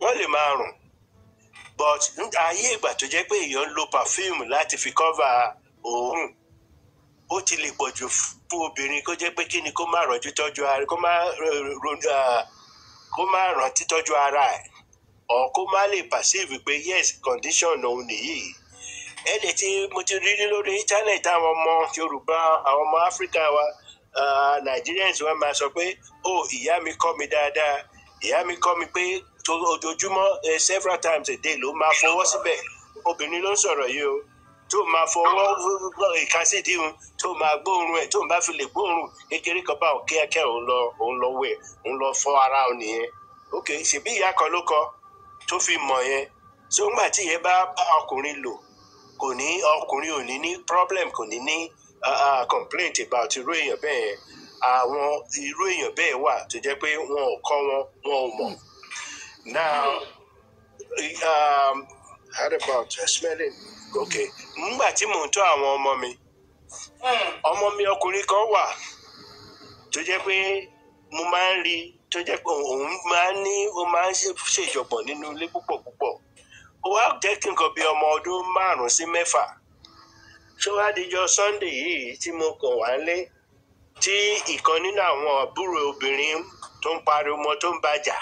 wọ́n lè máa rùn but ayé ìgbà tó jẹ́ pé èèyàn ń lo perfume láti fi cover òórùn ó ti lè pọ̀ jù fún obìnrin kó jẹ́ pé kí ni kó má rọ̀jú tọ́jú ara eh, eh, kó má rántí tọ́jú ara ẹ̀ or kó má lè perceive pé yes condition òun nìyí ẹni tí mo ti rí lórí internet àwọn ọmọ Yorùbá àwọn ọmọ Áfíríkà wa Nigerians wọn máa sọ pé o ìyá mi kọ́ mi dáadáa ìyá mi kọ́ mi pé ojoojúmọ́ several times a day ló máa fọwọ́ síbẹ̀ obìnrin ló ń sọ̀rọ̀ yìí o tó máa fọwọ́ ìkásídìhun tó máa gbóòórùn ẹ̀ tó máa fi lè gbóòórùn kékeré kan bá òun kíákíá òun lọ òun lọ wẹ̀ òun lọ fọ ara òun nìyẹn ok ṣèbí ìyá kan ló kọ́ tó fi mọ̀ yẹn so ńgbà tí yẹn bá bá ọkùnrin lò kò ní ọkùnrin ò ní ní problem kò ní ní complaint about irú èèyàn bẹ́ẹ̀ àwọn irú èèyàn bẹ́ẹ̀ wà tó jẹ́ pé wọn ò kọ́ wọn wọn ò mọ̀ now um, how about smelling okay ngba tí mò ń tọ́ àwọn ọmọ mi ọmọ mi ọkùnrin kan wà tó jẹ́ pé mo máa ń rí i tó jẹ́ pé òun máa ń ní ó máa ń ṣèjọ̀gbọ̀n nínú ilé púpọ̀ púpọ̀ ó wá jẹ́ kí nǹkan bíi ọmọ ọdún márùn-ún sí mẹ́fà tó wá dijọ́ Sunday yìí tí mo kàn wá lé tí ìkan nínú àwọn àbúrò obìnrin tó ń pariwo mọ́ tó ń bàjà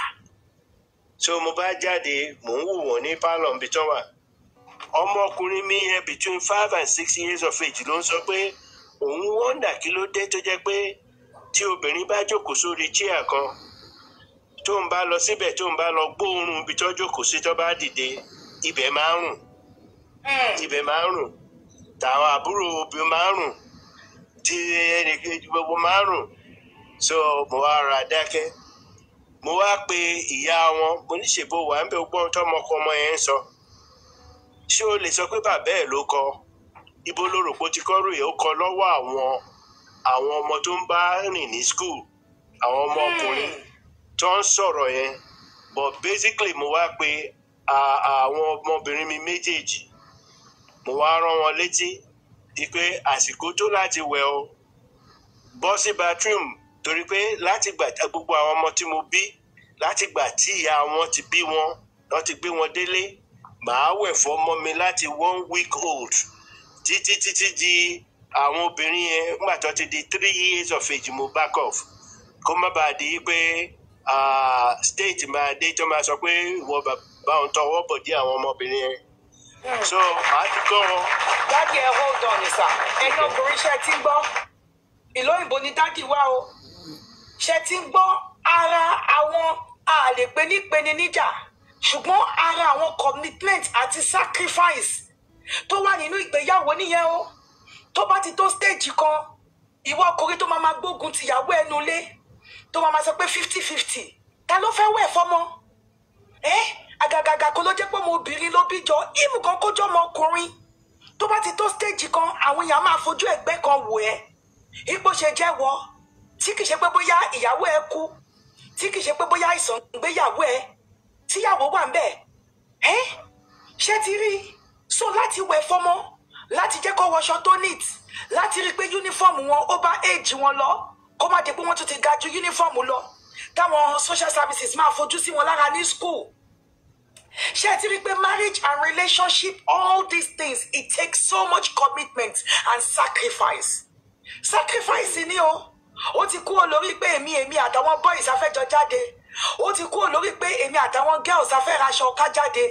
tó mo bá jáde mò ń wò wọ́n ní pálọ̀ níbi tó wà ọmọkùnrin mi yẹn between five and six years of age ló ń sọ pé òun wọ́ndà kí ló dé tó jẹ́ pé tí obìnrin bá jókòó sórí chair kan tó ń bá lọ síbẹ̀ tó ń bá lọ gbóòórùn ibi tó jókòó sí tó bá dìde ibẹ̀ máa ń rùn hmm. ibẹ̀ máa ń rùn tàwọn àbúrò obì máa ń rùn tí ẹnìkejì gbogbo máa ń rùn so mo wá ra dákẹ́ mo wá pe ìyá wọn mo ní ṣèbó wà ń bẹ gbọ́n tọmọkọ ọmọ yẹn ń sọ ṣé o lè sọ pé bàbá ẹ̀ ló kọ ibo ló rò pé ó ti kọ́ ròyìn ó kọ lọ́wọ́ àwọn àwọn ọmọ tó ń bá rìn ní school àwọn ọmọ hmm. ọkùnrin. Mm tó ń sọ̀rọ̀ yẹn but basically mo wá pe àwọn ọmọbìnrin mi méjèèjì mo wá rán wọn létí pé àsìkò tó láti wẹ̀ o bọ́ sí bathroom torí pé láti gbà gbogbo àwọn ọmọ tí mo bí láti gbà tí ìyá wọn ti bí wọn wọn ti gbé wọn délé màá wẹ̀ fọ́mọ mi láti one week old títí títí di àwọn obìnrin yẹn nígbà tó ti di three years of age mo back off kó má bàa di pé state máa dé tó máa sọ pé ìwọ bàbá òun tọwọ́ bọ̀ dé àwọn ọmọbìnrin yẹn. Hmm. so màá ti gbọ́ wọn. dákì ẹ hold on sir ẹni ọkùnrin ṣe ti ń gbọ́ ìlú òyìnbó ni dákì wá o ṣe ti ń gbọ́ ara àwọn àlèpénípéni níjà ṣùgbọ́n ara àwọn commitment àti sacrifice tó wà nínú ìgbéyàwó nìyẹn o tó bá ti tó stage kan ìwọ ọkùnrin tó máa máa gbógun tìyàwó ẹnu lé tó máa sọ pé fifty fifty ta ló fẹ́ wẹ̀ fọ́mọ ẹ́ àgàgàgà kó ló jẹ́ pé mo obìnrin ló bí jọ ìmù kan kó jọ́ ọmọkùnrin tó bá ti tó stéèjì kan àwọn èèyàn máa fojú ẹ̀gbẹ́ kan wò ẹ́ ipò ṣe jẹ́wọ́ tí kì í ṣe pé bóyá ìyàwó ẹ kú tí kì í ṣe pé bóyá àìsàn gbéyàwó ẹ tíyàwó wà ń bẹ̀ ẹ́ ṣé ti rí so láti wẹ̀ fọ́mọ láti jẹ́ kó wọṣọ tó neat láti rí i pé yúnífọ́ọ̀mù wọn ó bá éèjì wọn lọ kó má di pé wọ́n tún ti ga ju yúnífọ́ọ̀mù lọ táwọn social services máa fojú sí wọn lára ní school ṣé ẹ ti rí i pé marriage and relationship all these things it takes so much commitment and sacrifice sacrifice ni o ó ti kúrò lórí pé èmi èmi àtàwọn boys afẹ́jọ jáde ó ti kúrò lórí pé èmi àtàwọn girls afẹ́raṣọ ká jáde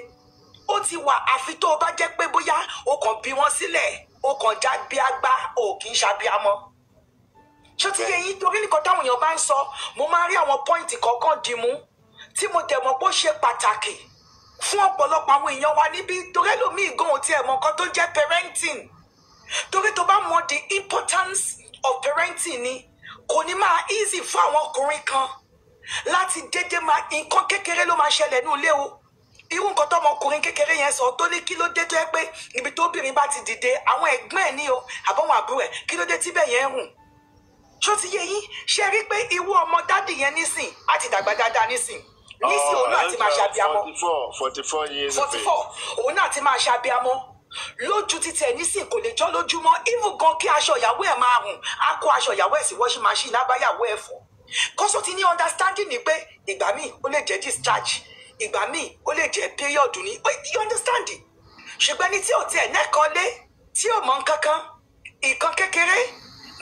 ó ti wà àfi tó o bá jẹ́ pé bóyá o kàn bí wọ́n sílẹ̀ o kàn já bí agbá o kì í ṣàbíamọ́ ṣó ti yẹ yín torí nìkan táwọn èèyàn bá ń sọ mo máa rí àwọn pọ́ìntì kọ̀ọ̀kan dì mú tí mo tẹ̀ mọ́ pé ó ṣe pàtàkì fún ọ̀pọ̀lọpọ̀ àwọn èèyàn wa níbi torí ẹlòmíì gan ò tiẹ̀ mọ̀ nǹkan tó jẹ́ parenting torí tó bá mọ̀ the importance of parenting ni kò ní máa easy fún àwọn ọkùnrin kan láti dédé máa nǹkan kékeré ló máa ṣẹlẹ̀ ní ilé o irú nǹkan tó ọmọkùnrin kékeré yẹn sọ tó ní kí ló dé tó yẹ pé ibi tó obìnrin bá ti dìde àwọn ẹ̀gbọ́n ẹ̀ ní o àbọ̀wọ̀n àbúrò ẹ̀ kí ló dé tíbẹ̀ yẹn hùn ṣó ti yín ṣe rí pé ìwọ ọmọ dádì yẹn nísìn àti dàgbà dáadáa nísìn nísìn òun náà ti máa ṣàbíamọ forty four years forty four òun náà ti máa ṣàbíamọ lójú títẹ nísìn kò lè jọ lójúmọ́ even gan kí aṣọ ìyàwó ẹ̀ máa hùn á kó aṣọ ìyàwó ẹ̀ sí washing machine lábáyàwó ẹ̀ fọ kọsọ ti ní understanding ni pé ìgbà míì ó lè jẹ́ discharge ìgbà míì ó lè jẹ́ period ni you understand ṣùgbọ́n ní tí ò tẹ̀ nẹ́kọ̀ọ́lé tí ò mọ̀ nǹkan kan nǹkan kékeré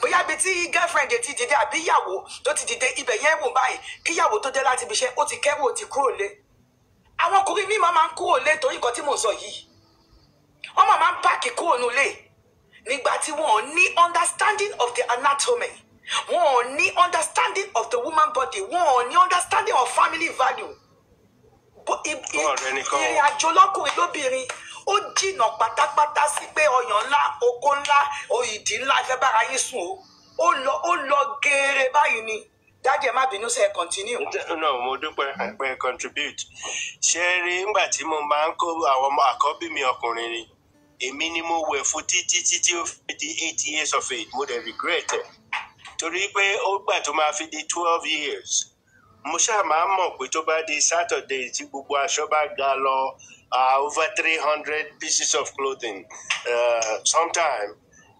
bóyá ibi tí girlfriend ti dìde àbí ìyàwó tó ti dìde ibẹ̀ yẹn wò báyìí kí ìyàwó tó dé láti ibi iṣẹ́ ó ti kẹ́rù ó ti kúrò lé àwọn ọkùnrin mi máa ń kúrò lé torí nǹkan tí mò ń sọ yìí wọ́n máa ń páàkì kúrò nulẹ̀ nígbà tí wọ́n ní understanding of the anatomy wọn ò ní understanding of the woman body wọn ò ní understanding of family value ìrìn àjò lọ́kùnrin lóbìnrin ó jìnà pátápátá sí pé ọyàn ńlá okó ńlá òyìdí ńlá fẹ́ yín sùn o ó lọ geere báyìí ni dájú má bínú sẹ ẹ continue. no mo dúpẹ́ àpẹ contribute ṣe rí nígbà tí mo máa ń kó àwọn ọmọ àkọ́bí mi ọkùnrin ni èmi ni mo wẹ̀ fún títí títí ó fi di eight years of age mo dẹ̀ regret ẹ̀ torí pé ó gbà tó máa fi di twelve years mo ṣáà máa ń mọ̀ pé tó bá di Saturday tí gbogbo aṣọ bá ga lọ uh, over 300 pieces of clothing uh, sometime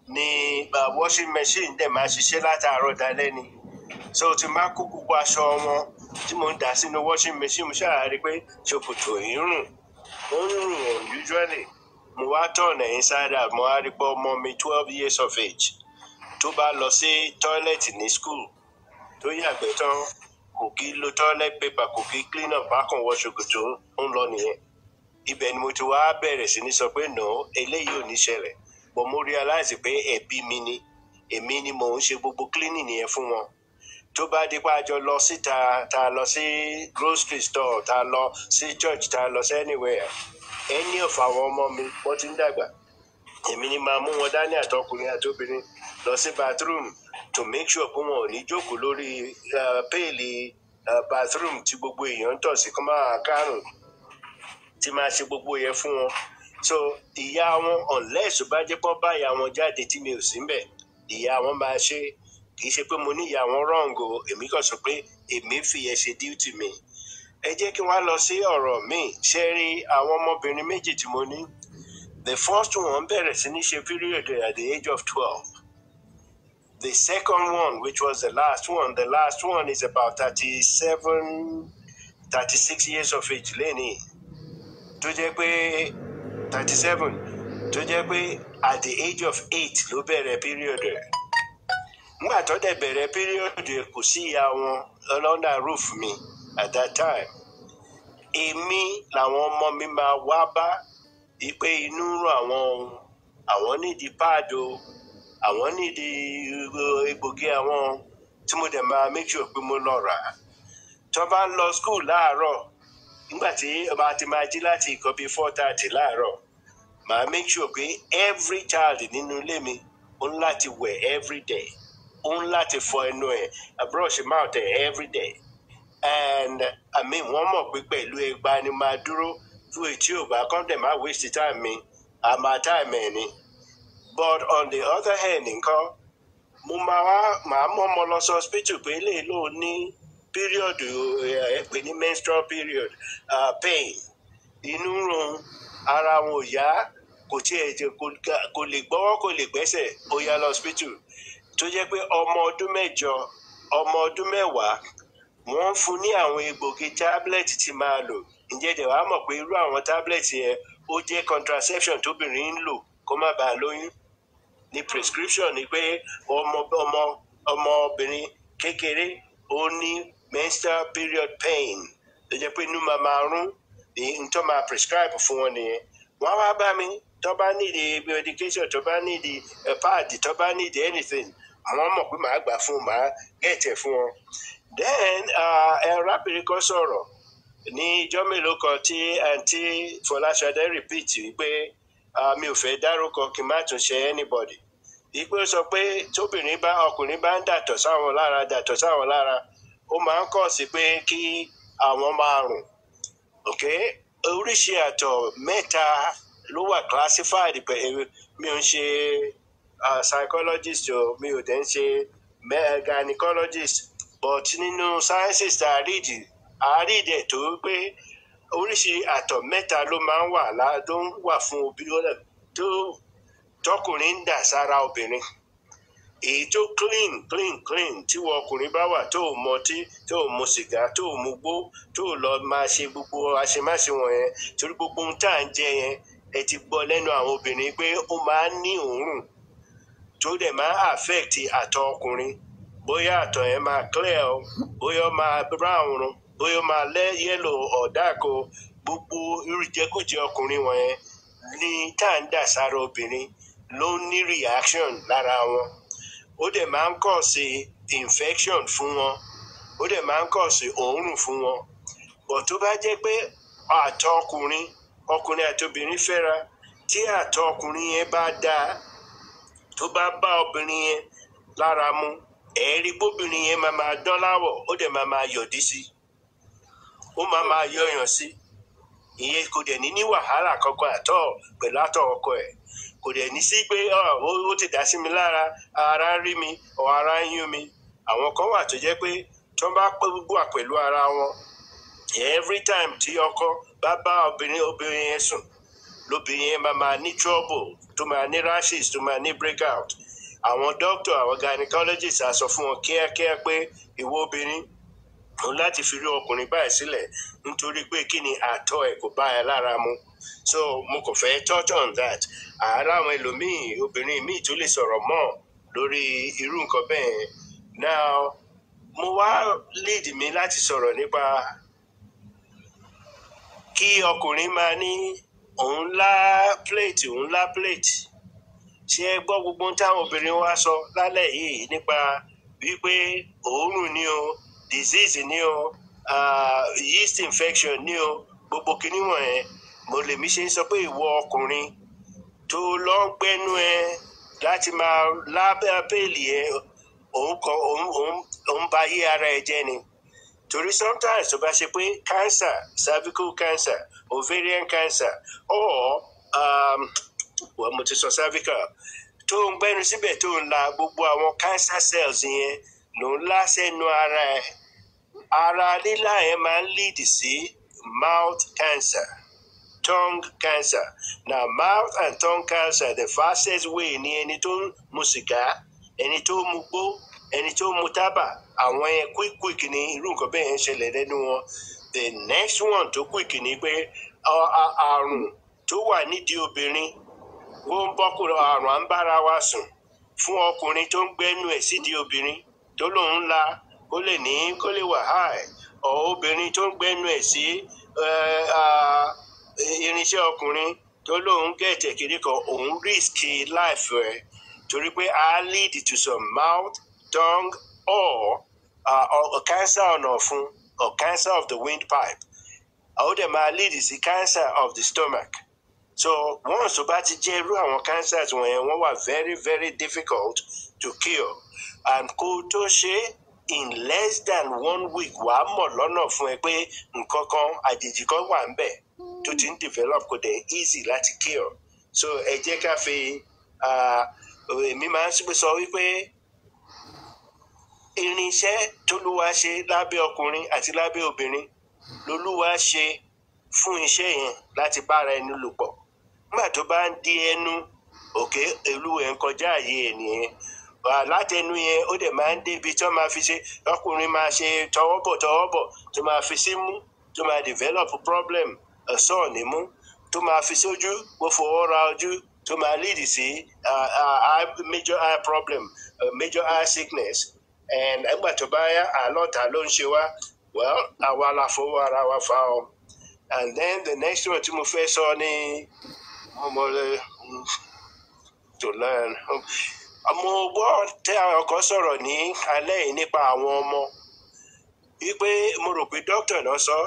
ni uh, washing machine dẹ̀ máa ṣiṣẹ́ látàárọ̀ dalẹ́ ni so tí máa kó gbogbo aṣọ wọn tí mo ń dà sínú washing machine mo ṣáà rí i pé ṣòkòtò yìí rùn ó ń rùn usually mo wá turn ẹ̀ inside out mo wá rí i pé ọmọ mi twelve years of age tó bá lọ sí toilet ní school tó yàgbẹ́ tán kò kí lo toilet paper kò kí clean up bákan wọ ṣòkòtò ń lọ nìyẹn ibẹ̀ ni mo ti wá bẹ̀rẹ̀ sí ní sọ pé nà eléyìí ò ní ṣẹlẹ̀ but mo realize pé ẹ̀bi mi ni èmi ni mò ń ṣe gbogbo cleaning yẹn fún wọn tó bá di pa àjọ lọ síta tá a lọ sí grocery store tá a lọ sí church tá a lọ sí anywhere any of our ọmọ mi wọ́n ti ń dàgbà èmi ni máa mú wọn dání àtọkùnrin àtobìnrin lọ sí bathroom to make sure pé wọn ò ní jókòó lórí eh, péèlì eh, bathroom tí gbogbo èèyàn ń tọ̀ sí kó máa kárùn-ún tí máa ṣe gbogbo yẹn fún wọn so ìyá wọn unless ó bá jẹ́ wọn jáde tí mi ò sí mbẹ̀ ìyá wọn máa ṣe kì í ṣe pé mo ní ìyá wọn wrong èmi kàn sọ pé èmi fìyẹn ṣe duty mi ẹ jẹ́ kí wọ́n á lọ sí ọ̀rọ̀ míì ṣe rí àwọn ọmọbìnrin méjì tí mo ní the first one bẹ̀rẹ̀ sí ní ṣe period at the age of twelve the second one which was the last one the last one is about thirty-seven thirty-six years of age lẹ́nìí tó jẹ́ pé thirty seven tó jẹ́ pé at the age of eight ló bẹ̀rẹ̀ period rẹ̀ nígbà tó dẹ̀ bẹ̀rẹ̀ period rẹ̀ kò sí ìyá wọn lọ́nà roof mi at that time èmi làwọn ọmọ mi máa wá bá pé inú rún àwọn ohun àwọn nídìí páàdì o àwọn nídìí uh, egbògi àwọn tí mo dẹ̀ máa make sure pé mo lọ rà á tó bá ń lọ school láàárọ̀ nígbà tí màá ti máa jí láti nǹkan bíi four thirty láàárọ̀ màá make sure pé every child nínú ilé mi ó ń láti wẹ̀ every day ó ń láti fọ ẹnu ẹ̀ brush mouth ẹ̀ every day and àmì wọ́n mọ̀ pé pẹ̀lú ẹgba ni màá dúró fún etí ò bá kán máa waste time mi àmà time ẹ̀ ni but on the other hand nǹkan mo máa wá màá mọ́ ọmọ lọ sọ hospital pé eléyìí ló ní period eh, ẹ pè ní menstrual period uh, pain inú run ara wọn ò yá kò tiẹ̀ jẹ́ kò lè gbọ́wọ́ kò lè gbẹ́sẹ̀ ó yá lọ hospital tó jẹ́ pé ọmọ ọdún mẹ́jọ ọmọ ọdún mẹ́wàá wọ́n ń fún ní àwọn egbògi tablet tí máa lò ǹjẹ́ ẹ̀dẹ̀ wàá mọ̀ pé irú àwọn tablet yẹn ó jẹ́ contraception tóbìnrin ń lò kó má bàa lóyún ní prescription ni pé ọmọ ọmọ ọmọbìnrin kékeré ó ní menstrual period pain tó jẹ́ pé inú máa máa rún prescribe fún wọn nìyẹn wọ́n wá bá mi tó bá nídìí medication tó bá nídìí pad tó bá nídìí anything àwọn mọ̀ pé màá gbà fún màá gẹ̀tẹ̀ fún ọ. then uh, ẹ̀rọ abìnrin kan sọ̀rọ̀ ní ìjọ́ mélòó kan tí àǹtí Fọláṣadé repeat wípé ah, mi ò fẹ́ dárúkọ kí n má tún ṣe anybody. ìpè sọ pé tóbìnrin bá ọkùnrin bá ń dàtọ̀ sáwọn lára dàtọ̀ sáwọn lára ó máa ń kọ̀ sí pé kí àwọn máa rùn ok oríṣi àtọ̀ mẹ́ta ló wà classified pẹ̀lú mi ò ń ṣe psychologist o mi ò dẹ̀ ń ṣe gynecologist but nínú sciences a rí a rí ìdí tó pé oríṣi àtọ̀ mẹ́ta ló máa ń wà ló ń wà fún obìnrin tó tọkùnrin ń dà sára obìnrin èyí tó clean clean clean tí wọn ọkùnrin bá wà tó o mọtí tó o mu sìgá tó o mu gbó tó o lọ máa ṣe gbogbo àṣemáṣe wọ̀nyẹn torí gbogbo ohun tá à ń jẹ yẹn ẹ ti gbọ́ lẹ́nu àwọn obìnrin pé ó máa ń ní òórùn tó dẹ̀ máa affect àtọ̀ ọkùnrin bóyá àtọ̀ yẹn máa clear o bóyá máa brown bóyá ó máa lẹ́ yellow ọ̀dàkọ gbogbo irújẹkújẹ ọkùnrin wọ̀nyẹn ní tá à ń dà sára obìnrin ló ń ní reaction lára wọn. ó dẹ̀ máa ń kọ̀ọ̀sì infection fún wọn ó dẹ̀ máa ń kọ̀ọ̀sì òórùn fún wọn bọ̀ tó bá jẹ́ pé àtọ̀ ọkùnrin ọkùnrin àti obìnrin fẹ́ra tí àtọ̀ ọkùnrin yẹn bá dáa tó bá bá obìnrin yẹn lára mu ẹ̀ẹ́rí bóbìnrin yẹn máa máa dán láwọ̀ ó dẹ̀ máa máa yọ̀dí sí i ó máa máa yọyàn sí i ìyẹn kò dẹ̀ ní ní wàhálà kankan àtọ̀ pẹ̀lú àtọ̀ ọkọ ẹ̀. kò dẹ̀ ní sí pé ah, ó ti dà sí mi lára ara ń rí mi ọ̀ ara ń yún mi àwọn kan wà tó jẹ́ pé tí wọ́n bá gbogbo wà pẹ̀lú ara wọn every time tí ọkọ bá bá obìnrin obìnrin yẹn sùn lóbìnrin yẹn máa máa ní trouble tó máa ní rashes tó máa ní breakout àwọn doctor àwọn gynecologist á sọ fún wọn kíákíá pé ìwọ obìnrin dùn láti fi rí ọkùnrin báyìí sílẹ̀ nítorí pé kí ni àtọ̀ ẹ̀ kò bá ẹ lára mu so mo kò fẹ́ touch on that àárá àwọn ẹlòmíì obìnrin míì tó lè sọ̀rọ̀ mọ́ lórí irú nǹkan bẹ́ẹ̀ now mo wá lead mi láti sọ̀rọ̀ nípa kí ọkùnrin máa ní òun plate òun plate disease ni o uh, yeast infection ni o gbogbo kinní wọ̀nyẹn mo lèmi ṣe ń sọ pé ìwọ ọkùnrin tó lọ gbẹnu ẹ láti máa lábẹ́ abẹ́ẹ̀lì ẹ òun kọ òun òun òun ba yé ara ẹ jẹ́ ni torí sometimes tó bá ṣe pé cancer cervical cancer ovarian cancer or um, well, mo ti sọ cervical tó ń gbẹnu síbẹ̀ tó ń la gbogbo àwọn cancer cells yẹn ló ń lá sẹ́nu ara ẹ. E ara lílá yẹn máa ń lead sí mouth cancer tongue cancer na mouth and tongue cancer the fastest way ni ẹni tó ń mu sìgá ẹni tó ń mu gbó ẹni tó ń mu tábà àwọn yẹn quick quick ni irú nǹkan bẹ́ẹ̀ yẹn ṣẹlẹ̀ lẹ́nu wọn the next one tó quick ni pé àrùn tó wà nídìí obìnrin ń àrùn à ń bára wa sùn fún ọkùnrin tó ń gbẹ́nu ẹ̀ sídìí obìnrin tó ó lè ní kó lè wà high ọ̀ obìnrin tó ń gbẹ́nu ẹ̀ sí irinṣẹ́ ọkùnrin tó lóun gẹ̀ẹ́tẹ̀ kiri kan òun risk life rẹ̀ torí pé a lead to some mouth tongue or uh, or cancer ọ̀nà ọ̀fun or cancer of the windpipe ó dẹ̀ máa lead sí cancer of the stomach so once o bá ti jẹ́ irú àwọn cancers wọ̀nyẹn wọ́n wà very very difficult to cure and kó tó ṣe é in less than one week wàá mọ̀ lọ́nà fún ẹ pé nǹkan kan àjèjì kan wà ń bẹ̀ tó ti ń develop kò dẹ̀ easy láti cure so ẹ jẹ́ ká fi èmi máa ń sọ wípé irinṣẹ́ tólúwa ṣe lábẹ́ ọkùnrin àti lábẹ́ obìnrin lolúwa ṣe fún iṣẹ́ yẹn láti bára ẹni lò pọ̀ nígbà tó bá ń di ẹnu òkè olúwẹ̀ ń kọjá àyè ènìyàn láti ẹnu yẹn ó dẹ̀ máa ń débi tí wọ́n máa fi ṣe ọkùnrin máa ṣe tọwọ́bọ̀ tọwọ́bọ̀ tó máa fi sí mú tó máa develop problem ẹ̀sọ́ ọ̀nímú tó máa fi sójú mo fọwọ́ ra ojú tó máa lead sí major eye problem uh, major eye sickness and ẹgbà tó bá yá àlọ́ta ló ń ṣe wá well àwa la fọwọ́ ara wa fa ọ and then the next one tí mo fẹ́ sọ ni ọmọ rẹ to learn mo gbọ́ tẹ́ ọkọ sọ̀rọ̀ ní alẹ́ yìí nípa àwọn ọmọ wípé mo rò pé dókítà náà sọ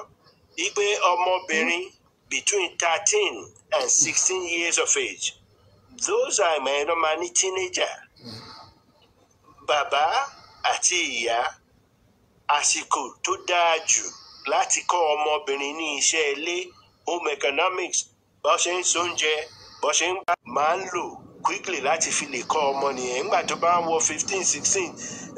wípé ọmọbìnrin between thirteen and sixteen years of age those are my normally teenager bàbá àti ìyá àsìkò tó dáa jù láti kọ́ ọmọbìnrin ní iṣẹ́ ilé home economics bó ṣe ń ṣoúnjẹ bó ṣe ń bá máa ń lò quickly láti fi lè kọ́ ọmọ nìyẹn nígbà tó bá ń wọ fifteen sixteen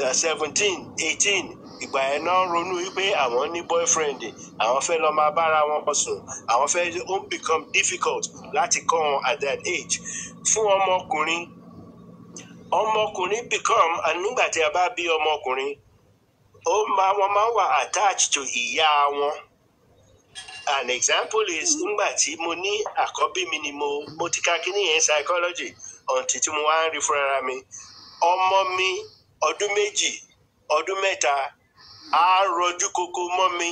eh, seventeen eighteen ìgbà yẹn náà ronú wípé àwọn ní boyfriend àwọn fẹ́ lọ máa bára wọn kọ sùn àwọn fẹ́ ó become difficult láti kọ́ wọn at that age fún ọmọkùnrin ọmọkùnrin become nígbà tí a bá bí ọmọkùnrin ó máa wọn máa wà attached to ìyá wọn an example is nígbà tí mo ní àkọ́bí mi ni mo mo ti ka kíní yẹn psychology ọ̀ǹtí tí mo wá ń rí fúnra mi ọmọ mi ọdún méjì ọdún mẹ́ta á rọjú koko mọ́ mi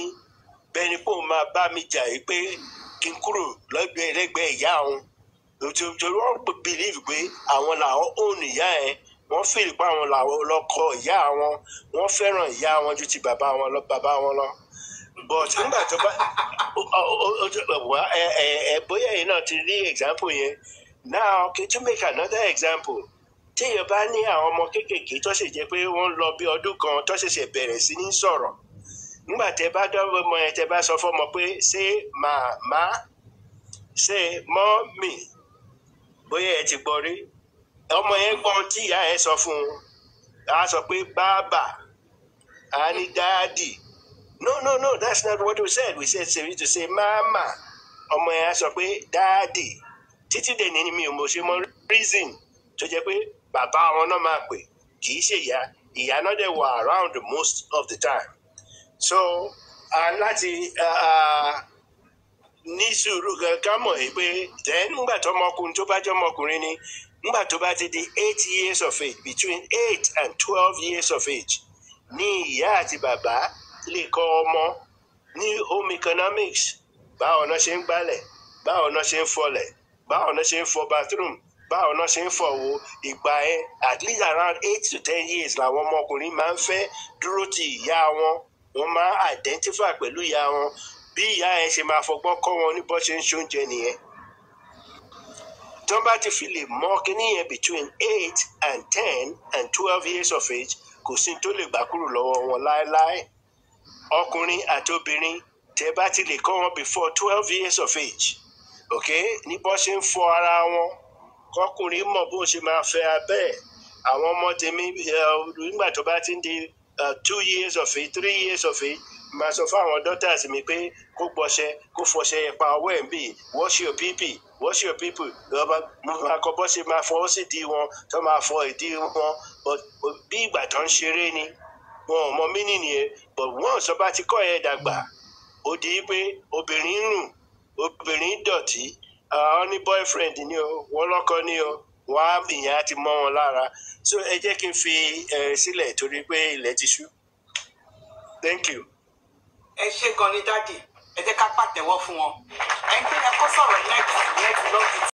bẹ́ẹ̀ ni kò máa bá mi jà yìí pé kí n kúrò lọ́dọ̀ ẹlẹ́gbẹ̀ẹ́ ìyá òun òtítọ́jú wọn bìlíìfù pé àwọn làwọn òun ìyá ẹ̀ wọ́n fìlì pé àwọn làwọn lọ́kọ ìyá wọn wọ́n fẹ́ràn ìyá wọn ju ti bàbá wọn lọ bàbá wọn lọ but nígbà tó bá ẹ ẹ bóyá yìí náà ti rí example yẹn now can you make another example téèyàn bá ní àwọn ọmọ kéékèèké tó ṣe jẹ́ pé wọ́n lọ bí ọdún kan tó ṣẹ̀ṣẹ̀ bẹ̀rẹ̀ sí ní sọ̀rọ̀ nígbà tẹ́ bá dọ́wọ́ ọmọ yẹn tẹ́ bá sọ fọ́mọ pé ṣé màmá ṣé mọ́mì bóyá ẹ ti gbọ́ rí ọmọ yẹn gbọ́ tí ìyá ẹ sọ fún un a sọ pé bàbá a ní dáàdì no no no that's not what we said we said we need to say mama ọmọ yẹn a sọ pé dáàdì títí dèní ni mi ò mọ ṣe mọ reason tó jẹ́ pé bàbá wọn náà máa pè kì í ṣe ìyá ìyá náà dẹ̀ wà around most of the time so láti ní sùúrù kankan mọ̀ yìí pé then nígbà tó ọmọkùnrin tó bá jẹ́ ọmọkùnrin ni nígbà tó bá ti di eight years of age between eight and twelve years of age ní ìyá àti bàbá lè kọ́ ọmọ ní home economics báwo náà ṣe ń gbálẹ̀ báwo náà ṣe ń fọlẹ̀ báwọn náà ṣe ń fọ bathroom báwọn náà ṣe ń fọ wo ìgbà yẹn at least around eight to ten years làwọn ọmọkùnrin máa ń fẹ́ dúró ti ìyá wọn wọ́n máa identify pẹ̀lú ìyá wọn bí ìyá yẹn ṣe máa fọgbọ́n kọ́ wọn ní bó ṣe ń ṣoúnjẹ nìyẹn tí wọ́n bá ti fi lè mọ́ kíní yẹn between eight and ten and twelve years of age kò sí tó lè gbà kúrò lọ́wọ́ wọn láéláé ọkùnrin àti obìnrin tẹ́ bá ti lè kọ́ wọn before twelve years of age ok ní bọ́n ṣe ń fọ ara wọn kọkùnrin mọ̀ bó ṣe máa fẹ́ abẹ́ ẹ̀ àwọn ọmọ tèmi nígbà tó bá ti ń di two years of it three years of it màá sọ fún àwọn daughters mi pé kó gbọṣẹ kó fọṣẹ ẹ̀pà ọwọ́ ẹ̀ ń bì wash your people wash your people lọ́ba mo máa kọ bọ́ ṣe máa fọwọ́ sí ìdí wọn tó máa fọ ìdí wọn bí ìgbà tó ń ṣeré ni wọn ò mọ mí nìyẹn but wọn ò sọ bá ti kọ́ ẹ̀ dàgbà ó di pé obìnrin ń rùn obìnrin dọ̀tí wọ́n ní boyfriend ni o wọ́n lọ́kọ ni o wọ́n ìyẹn á ti mọ́ wọn lára so ẹ jẹ́ kí n fi sílẹ̀ torí pé ilẹ̀ ti ṣú thank you. ẹ ṣe gan ni dáàdì ẹ jẹ́ ká pàtẹ́wọ́ fún wọn ẹni tí ẹ kọ́ sọ̀rọ̀ yẹn ti lọ́ọ́